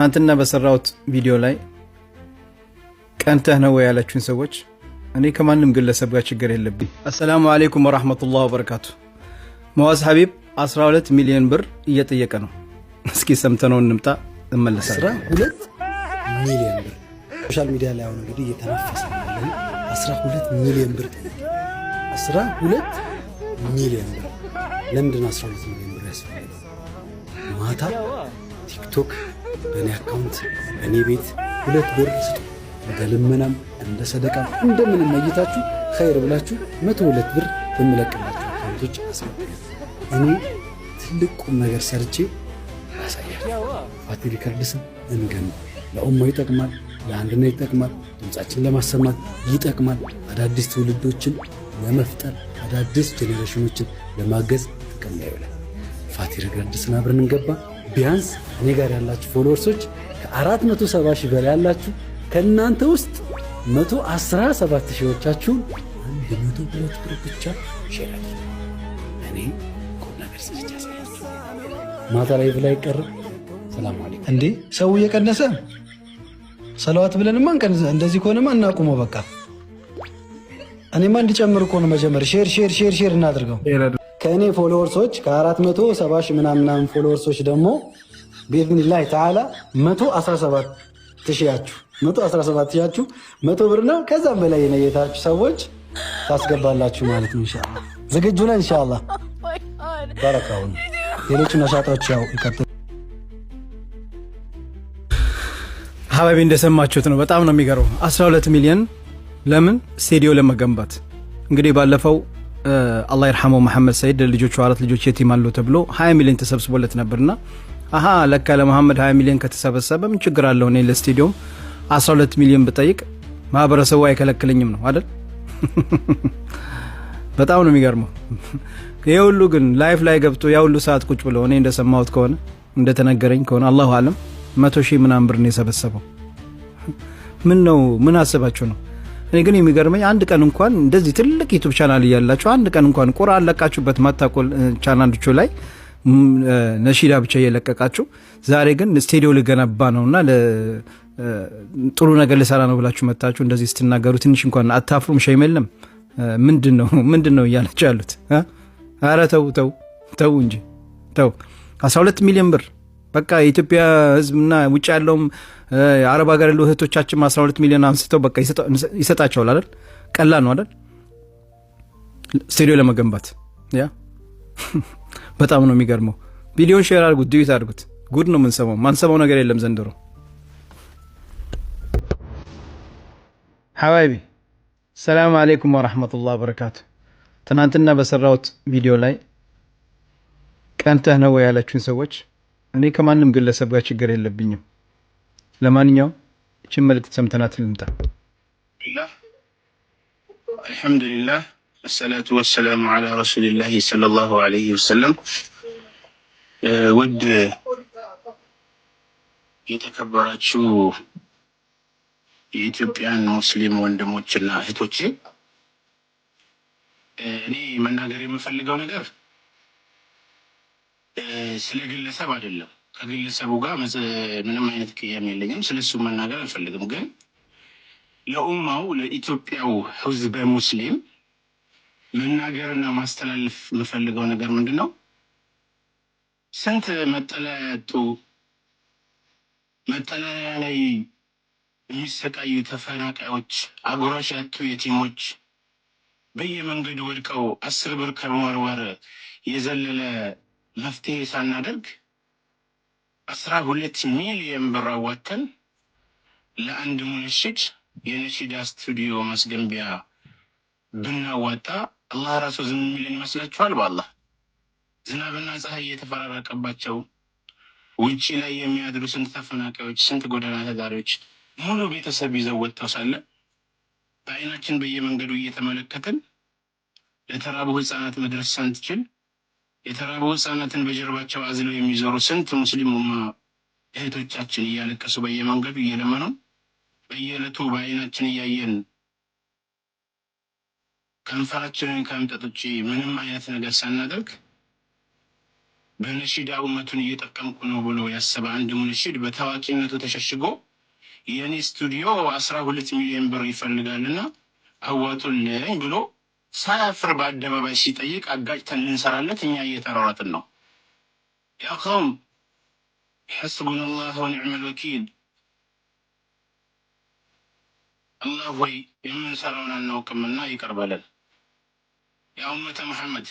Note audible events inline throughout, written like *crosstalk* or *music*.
ትናንትና በሰራሁት ቪዲዮ ላይ ቀንተህ ነው ወይ ያላችሁን ሰዎች እኔ ከማንም ግለሰብ ጋር ችግር የለብኝ። አሰላሙ አሌይኩም ወራህመቱላህ ወበረካቱ። መዋዝ ሀቢብ 12 ሚሊዮን ብር እየጠየቀ ነው። እስኪ ሰምተነው እንምጣ። እመለሳለሁ። 12 ሚሊዮን ብር ሶሻል ሚዲያ ላይ አሁን እንግዲህ እየተነፈሰ ነው። 12 ሚሊዮን ብር ጠየቀ። 12 ሚሊዮን ብር ለምንድን 12 ሚሊዮን ብር ያስፈልጋል? ማታ ቲክቶክ በእኔ አካውንት በእኔ ቤት ሁለት ብር ስጡ። እንደ ልመናም እንደ ሰደቃም እንደምንም እይታችሁ ኸይር ብላችሁ መቶ ሁለት ብር በምለቅላችሁ አካውንቶች አስመጠኝ። እኔ ትልቅ ቁም ነገር ሰርቼ አሳያለሁ። ፋቲ ሪከርድስን እንገንባ። ለኡማ ይጠቅማል፣ ለአንድነት ይጠቅማል፣ ድምፃችን ለማሰማት ይጠቅማል። አዳዲስ ትውልዶችን ለመፍጠር አዳዲስ ጄኔሬሽኖችን ለማገዝ ጥቅም ላይ ይውላል። ፋቲ ሪከርድስን አብረን እንገባ። ቢያንስ እኔ ጋር ያላችሁ ፎሎወርሶች ከ470 ሺህ በላይ ያላችሁ ከእናንተ ውስጥ 117 ሺዎቻችሁን አንድ መቶ ብረት ብር ብቻ ሼር እኔ ቁም ነገር ስለች ያሳያችሁ ማታ ላይ ብላ አይቀርም። ሰላም አለይኩም። እንዴ ሰው እየቀነሰ ሰለዋት ብለንማ እንቀንስ። እንደዚህ ከሆነማ እናቁመው በቃ። እኔማ እንዲጨምር እኮ ነው መጀመር። ሼር ሼር ሼር ሼር እናድርገው። ከእኔ ፎሎወርሶች ከ470 ሺህ ምናምናም ፎሎወርሶች ደግሞ ቢኢዝኒላህ ተዓላ 117 ሺያችሁ ሰባት ሺያችሁ መቶ ብርና ከዛም በላይ የነየታችሁ ሰዎች ታስገባላችሁ ማለት ነው። እንሻላ ዝግጁ ነን። እንሻላ ባረካሁን። ሌሎቹ ነሻጣዎች ያው ይቀጥ ሀባቢ እንደሰማችሁት ነው። በጣም ነው የሚገርመው። 12 ሚሊዮን ለምን ስቴዲዮ ለመገንባት እንግዲህ ባለፈው አላህ ይርሐመው መሐመድ ሰይድ ልጆቹ አራት ልጆች የቲም አለው ተብሎ 20 ሚሊዮን ተሰብስቦለት ነበርና አሀ ለካ ለመሐመድ 20 ሚሊዮን ከተሰበሰበ ምን ችግር አለው እኔ ለስቴዲዮም 12 ሚሊዮን ብጠይቅ ማህበረሰቡ አይከለክለኝም ነው አይደል? *laughs* በጣም ነው የሚገርመው። ይሄ ሁሉ ግን ላይፍ ላይ ገብቶ ያ ሁሉ ሰዓት ቁጭ ብሎ እኔ እንደሰማሁት ከሆነ እንደተነገረኝ ከሆነ አላሁ አለም መቶ ሺህ ምናምን ብር ነው የሰበሰበው። ምን ነው ምን አስባችሁ ነው እኔ ግን የሚገርመኝ አንድ ቀን እንኳን እንደዚህ ትልቅ ዩቱብ ቻናል እያላችሁ አንድ ቀን እንኳን ቁርአን ለቃችሁበት ማታቆል ቻናሎቹ ላይ ነሺዳ ብቻ እየለቀቃችሁ ዛሬ ግን ስቴዲዮ ልገነባ ነው እና ጥሩ ነገር ልሰራ ነው ብላችሁ መታችሁ እንደዚህ ስትናገሩ ትንሽ እንኳን አታፍሩም? ሸይም ምንድነው ምንድን ነው *laughs* ምንድን ነው እያላችሁ ያሉት? አረ ተው ተው ተው እንጂ ተው። 12 ሚሊዮን ብር በቃ የኢትዮጵያ ህዝብና ውጭ ያለውም አረብ ሀገር ያሉ እህቶቻችን 12 ሚሊዮን አንስተው በቃ ይሰጣቸዋል አይደል? ቀላል ነው አይደል? ስቴዲዮ ለመገንባት ያ *laughs* በጣም ነው የሚገርመው። ቢሊዮን ሼር አድርጉት፣ ዲዩት አድርጉት። ጉድ ነው የምንሰማው። ማንሰማው ነገር የለም ዘንድሮ። ሐባይቢ ሰላም አሌይኩም ወረሕመቱላህ በረካቱ። ትናንትና በሰራሁት ቪዲዮ ላይ ቀንተህ ነው ያለችውን ሰዎች እኔ ከማንም ግለሰብ ጋር ችግር የለብኝም። ለማንኛውም ይችን መልእክት ሰምተናት ልምጣ። አልሐምዱሊላህ ወሰላቱ ወሰላሙ አላ ረሱሊላህ ሰለላሁ አለይህ ወሰለም። ውድ የተከበራችሁ የኢትዮጵያን ሙስሊም ወንድሞችና እህቶቼ እኔ መናገር የምፈልገው ነገር ስለ ግለሰብ አይደለም። ከግለሰቡ ጋር ምንም አይነት ቅያም የለኝም። ስለሱ መናገር አልፈልግም። ግን ለኡማው ለኢትዮጵያው ህዝበ ሙስሊም መናገርና ማስተላለፍ የምፈልገው ነገር ምንድን ነው? ስንት መጠለያ ያጡ መጠለያ ላይ የሚሰቃዩ ተፈናቃዮች፣ አጉራሽ ያጡ የቲሞች በየመንገዱ ወድቀው አስር ብር ከመወርወር የዘለለ መፍትሄ ሳናደርግ አስራ ሁለት ሚሊዮን ብር አዋተን ለአንድ ሙንሽድ የነሺዳ ስቱዲዮ ማስገንቢያ ብናዋጣ አላህ ራሱ ዝም የሚልን ይመስላችኋል? በአላህ ዝናብና ፀሐይ እየተፈራረቀባቸው ውጭ ላይ የሚያድሩ ስንት ተፈናቃዮች፣ ስንት ጎዳና ተዳሪዎች ሙሉ ቤተሰብ ይዘው ወጥተው ሳለ በአይናችን በየመንገዱ እየተመለከትን ለተራቡ ህፃናት መድረስ ሳንችል የተራቡ ህጻናትን በጀርባቸው አዝለው የሚዞሩ ስንት ሙስሊም እህቶቻችን እያለቀሱ በየመንገዱ እየለመኑ በየዕለቱ በአይናችን እያየን ከንፈራችንን ከመምጠጥ ውጭ ምንም አይነት ነገር ሳናደርግ በነሺድ ውመቱን እየጠቀምኩ ነው ብሎ ያሰበ አንድ ሙነሺድ በታዋቂነቱ ተሸሽጎ የእኔ ስቱዲዮ አስራ ሁለት ሚሊዮን ብር ይፈልጋልና አዋጡልኝ ብሎ ሳያፍር በአደባባይ ሲጠይቅ አጋጭተን ልንሰራለት እኛ እየተሯሯጥን ነው። ያ ቀውም ሐስቡና ላህ ወኒዕመል ወኪል። አላህ ወይ የምንሰራውን አናውቅምና ይቅር በለን። ያ ኡመተ መሐመድ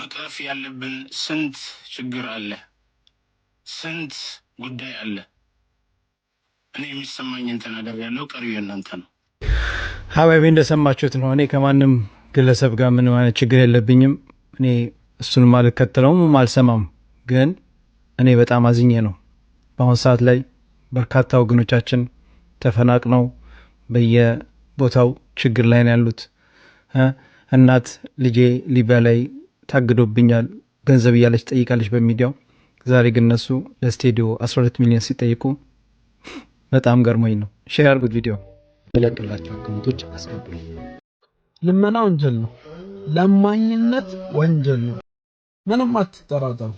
መቅረፍ ያለብን ስንት ችግር አለ፣ ስንት ጉዳይ አለ። እኔ የሚሰማኝ የሚሰማኝን አደር ያለው ቀሪው የእናንተ ነው። ሀባይቤ እንደሰማችሁት ነው። እኔ ከማንም ግለሰብ ጋር ምንም አይነት ችግር የለብኝም። እኔ እሱንም አልከተለውም አልሰማም። ግን እኔ በጣም አዝኜ ነው በአሁን ሰዓት ላይ በርካታ ወገኖቻችን ተፈናቅነው በየቦታው ችግር ላይ ነው ያሉት። እናት ልጄ ሊቢያ ላይ ታግዶብኛል ገንዘብ እያለች ትጠይቃለች በሚዲያው። ዛሬ ግን እነሱ ለስቴዲዮ 12 ሚሊዮን ሲጠይቁ በጣም ገርሞኝ ነው። ሼር አድርጉት ቪዲዮ ለቅላቸው አካውንቶች አስገብሉ። ልመና ወንጀል ነው። ለማኝነት ወንጀል ነው። ምንም አትጠራጠሩ።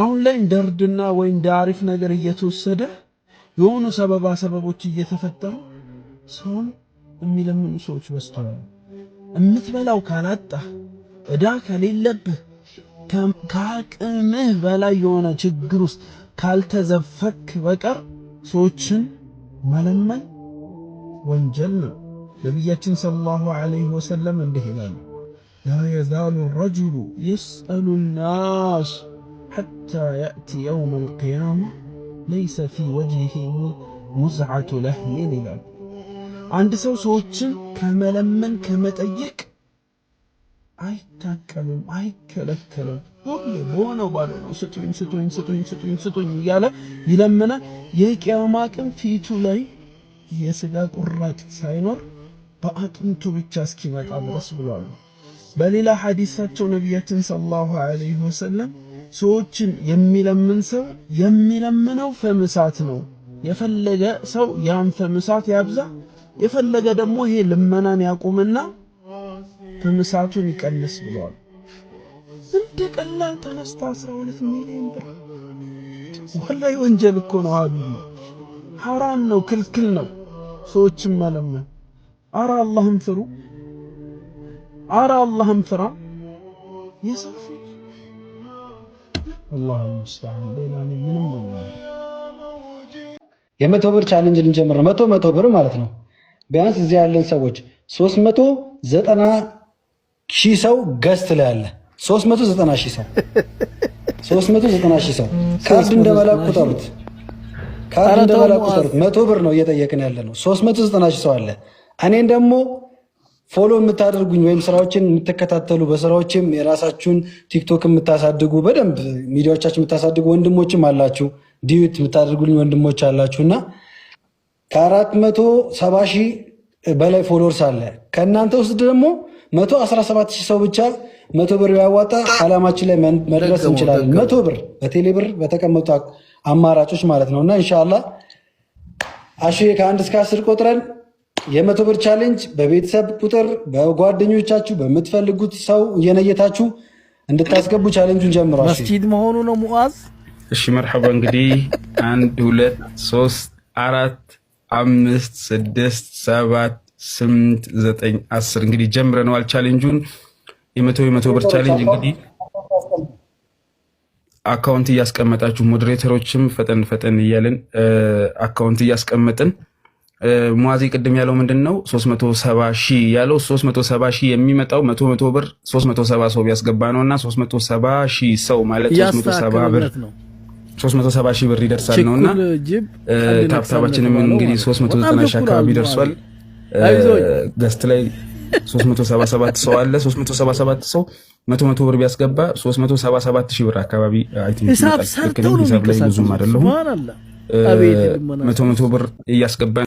አሁን ላይ እንደ እርድና ወይ እንደ አሪፍ ነገር እየተወሰደ የሆኑ ሰበባ ሰበቦች እየተፈጠሩ ሰውን የሚለምኑ ሰዎች በዝተዋል። የምትበላው ካላጣ እዳ ከሌለብህ ከአቅምህ በላይ የሆነ ችግር ውስጥ ካልተዘፈክ በቀር ሰዎችን መለመን ወንጀል ነው። نبياتين صلى الله عليه وسلم بهلال لا يزال الرجل يسأل الناس حتى يأتي يوم القيامة ليس في وجهه مزعة لحم هلال عند سو سوتشن كما لمن كما تأيك أي تكلم أي كلكلم هم يبون وبارون ستوين ستوين ستوين ستوين ستوين يالا يلمنا يكي أماكن في تولاي يسقاك الرات ساينور በአጥንቱ ብቻ እስኪመጣ ድረስ ብሏል። በሌላ ሐዲሳቸው ነቢያችን ሰለላሁ ዐለይሂ ወሰለም ሰዎችን የሚለምን ሰው የሚለምነው ፈምሳት ነው። የፈለገ ሰው ያን ፈምሳት ያብዛ፣ የፈለገ ደግሞ ይሄ ልመናን ያቁምና ፈምሳቱን ይቀንስ ብሏል። እንደ ቀላል ተነስታ 12 ሚሊዮን ብር ወላሂ ወንጀል እኮ ነው አሉ። ሐራም ነው፣ ክልክል ነው ሰዎችን መለመን አረ አላህም ፍሩ፣ አረ አላህን ፍራ። የሰው ልጅ አላህ ሙስተዓን ሌላ ምንም የመቶ ብር ቻሌንጅ ልንጀምር ነው። መቶ መቶ ብር ማለት ነው። ቢያንስ እዚህ ያለን ሰዎች 390 ሺህ ሰው ገዝት ላይ አለ። 390 ሺህ ሰው 390 *laughs* ሺህ ሰው ካርድ እንደመላክ ቁጠሩት፣ ካርድ እንደመላክ ቁጠሩት። መቶ ብር ነው እየጠየቅን ያለ ነው። 390 ሺህ ሰው አለ። እኔን ደግሞ ፎሎ የምታደርጉኝ ወይም ስራዎችን የምትከታተሉ በስራዎችም የራሳችሁን ቲክቶክ የምታሳድጉ በደንብ ሚዲያዎቻችን የምታሳድጉ ወንድሞችም አላችሁ፣ ዲዩት የምታደርጉልኝ ወንድሞች አላችሁ እና ከአራት መቶ ሰባ ሺህ በላይ ፎሎወርስ አለ። ከእናንተ ውስጥ ደግሞ መቶ አስራ ሰባት ሺህ ሰው ብቻ መቶ ብር ቢያዋጣ አላማችን ላይ መድረስ እንችላለን። መቶ ብር በቴሌ ብር በተቀመጡ አማራጮች ማለት ነው እና እንሻላ አሽ ከአንድ እስከ አስር ቆጥረን የመቶ ብር ቻሌንጅ በቤተሰብ ቁጥር በጓደኞቻችሁ በምትፈልጉት ሰው እየነየታችሁ እንድታስገቡ ቻሌንጁን ጀምሯል። መስጂድ መሆኑ ነው ሙዓዝ። እሺ መርሐባ። እንግዲህ አንድ ሁለት ሶስት አራት አምስት ስድስት ሰባት ስምንት ዘጠኝ አስር እንግዲህ ጀምረነዋል ቻሌንጁን። የመቶ የመቶ ብር ቻሌንጅ እንግዲህ አካውንት እያስቀመጣችሁ ሞዴሬተሮችም ፈጠን ፈጠን እያለን አካውንት እያስቀመጥን ሙዋዜ ቅድም ያለው ምንድን ነው? 370 ሺህ ያለው 370 ሺህ የሚመጣው መቶ መቶ ብር 370 ሰው ቢያስገባ ነው እና 370 ሺህ ሰው ማለት 370 ብር 370 ሺህ ብር ይደርሳል ነው እና ታብታባችንም እንግዲህ 390 ሺህ አካባቢ ደርሷል። ገስት ላይ 377 ሰው አለ። 377 ሰው መቶ መቶ ብር ቢያስገባ 377 ሺህ ብር አካባቢ ሂሳብ ላይ ብዙም አይደለሁም። መቶ መቶ ብር እያስገባ